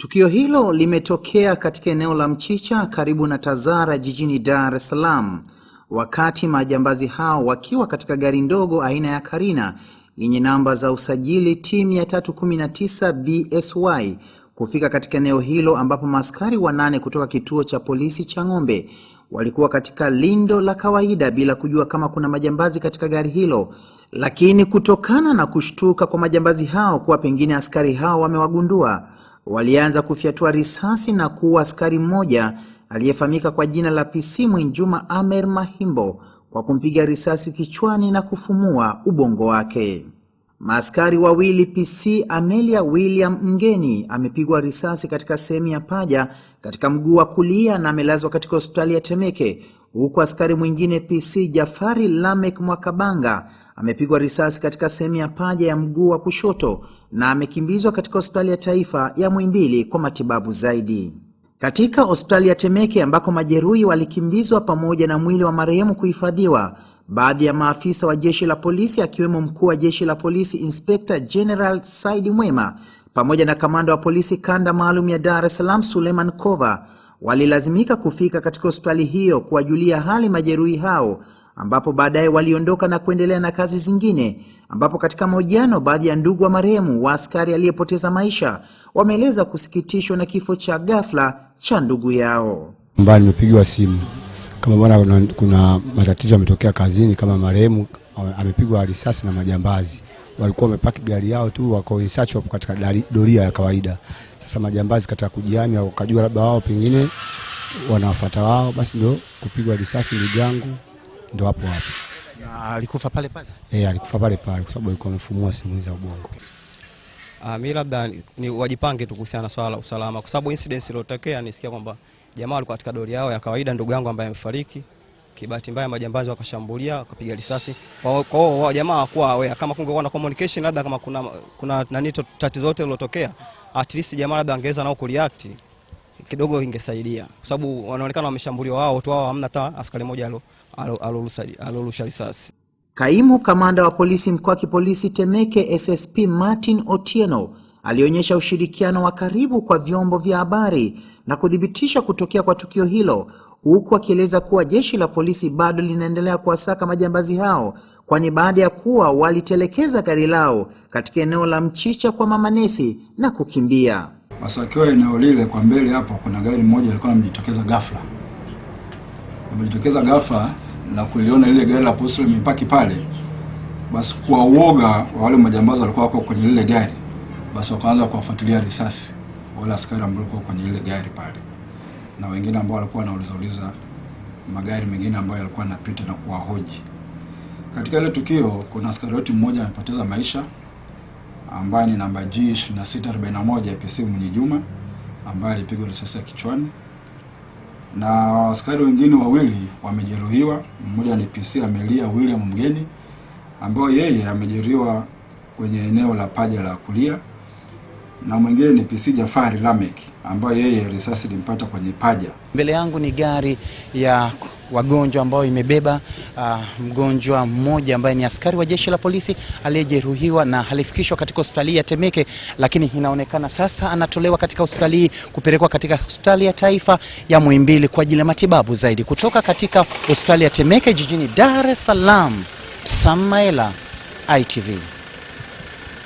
Tukio hilo limetokea katika eneo la Mchicha karibu na Tazara jijini Dar es Salaam, wakati majambazi hao wakiwa katika gari ndogo aina ya Karina yenye namba za usajili T 319 BSY kufika katika eneo hilo ambapo maaskari wanane kutoka kituo cha polisi cha Ng'ombe walikuwa katika lindo la kawaida bila kujua kama kuna majambazi katika gari hilo, lakini kutokana na kushtuka kwa majambazi hao kuwa pengine askari hao wamewagundua walianza kufyatua risasi na kuua askari mmoja aliyefahamika kwa jina la PC Mwinjuma Amer Mahimbo kwa kumpiga risasi kichwani na kufumua ubongo wake. Maaskari wawili PC Amelia William Mgeni amepigwa risasi katika sehemu ya paja katika mguu wa kulia na amelazwa katika hospitali ya Temeke, huku askari mwingine PC Jafari Lamek Mwakabanga amepigwa risasi katika sehemu ya paja ya mguu wa kushoto na amekimbizwa katika hospitali ya taifa ya Muhimbili kwa matibabu zaidi. Katika hospitali ya Temeke ambako majeruhi walikimbizwa pamoja na mwili wa marehemu kuhifadhiwa, baadhi ya maafisa wa jeshi la polisi akiwemo mkuu wa jeshi la polisi Inspekta general Saidi Mwema pamoja na kamanda wa polisi kanda maalum ya Dar es Salaam Suleiman Kova walilazimika kufika katika hospitali hiyo kuwajulia hali majeruhi hao ambapo baadaye waliondoka na kuendelea na kazi zingine, ambapo katika mahojiano baadhi ya ndugu wa marehemu wa askari aliyepoteza maisha wameeleza kusikitishwa na kifo cha ghafla cha ndugu yao. Mbali nimepigiwa simu kama bwana, kuna, kuna matatizo yametokea kazini, kama marehemu uh, amepigwa risasi na majambazi. Walikuwa wamepaki gari yao tu, wako in wapo katika doria ya kawaida. Sasa majambazi katika kujihami, wakajua labda wao pengine wanawafata wao, basi ndio kupigwa risasi ndugu yangu ndio hapo hapo. alikufa pale pale? Eh, alikufa pale pale kwa sababu alikuwa amefumua sehemu za ubongo. Ah, mimi labda ni wajipange tu kuhusiana na swala la usalama kwa sababu incident iliyotokea nisikia kwamba jamaa alikuwa katika doli yao ya kawaida, ndugu yangu ambaye amefariki kibahati mbaya majambazi wakashambulia wakapiga risasi. Kwa hiyo wa, jamaa hawakuwa aware, kama kungekuwa na communication labda kama kuna kuna nani tatizo lote lilotokea, at least jamaa labda angeweza nao kureact kidogo ingesaidia, kwa sababu wanaonekana wameshambuliwa wao tu, wao hamna hata askari mmoja alorusha risasi. Kaimu kamanda wa polisi mkoa wa kipolisi Temeke SSP Martin Otieno alionyesha ushirikiano wa karibu kwa vyombo vya habari na kuthibitisha kutokea kwa tukio hilo, huku akieleza kuwa jeshi la polisi bado linaendelea kuwasaka majambazi hao, kwani baada ya kuwa walitelekeza gari lao katika eneo la Mchicha kwa Mama Nesi na kukimbia. Basi wakiwa eneo lile kwa mbele hapo, kuna gari moja ilikuwa imejitokeza ghafla, imejitokeza ghafla na kuliona lile gari la polisi limepaki pale. Basi kwa uoga wa wale majambazi walikuwa wako kwenye lile gari, basi wakaanza kuwafuatilia risasi wale askari ambao walikuwa kwenye lile gari pale, na wengine ambao walikuwa wanauliza uliza magari mengine ambayo yalikuwa yanapita na kuwahoji. Katika ile tukio kuna askari wetu mmoja amepoteza maisha ambaye ni namba G2641 ya APC mwenye Juma ambaye alipigwa risasi ya kichwani, na askari wengine wawili wamejeruhiwa. Mmoja ni PC amelia William Mgeni ambayo yeye amejeruhiwa kwenye eneo la paja la kulia, na mwingine ni PC Jafari Lamek ambayo yeye risasi ilimpata kwenye paja. Mbele yangu ni gari ya wagonjwa ambao imebeba uh, mgonjwa mmoja ambaye ni askari wa jeshi la polisi aliyejeruhiwa na alifikishwa katika hospitali ya Temeke, lakini inaonekana sasa anatolewa katika hospitali hii kupelekwa katika hospitali ya taifa ya Muhimbili kwa ajili ya matibabu zaidi. Kutoka katika hospitali ya Temeke jijini Dar es Salaam, Samaela, ITV.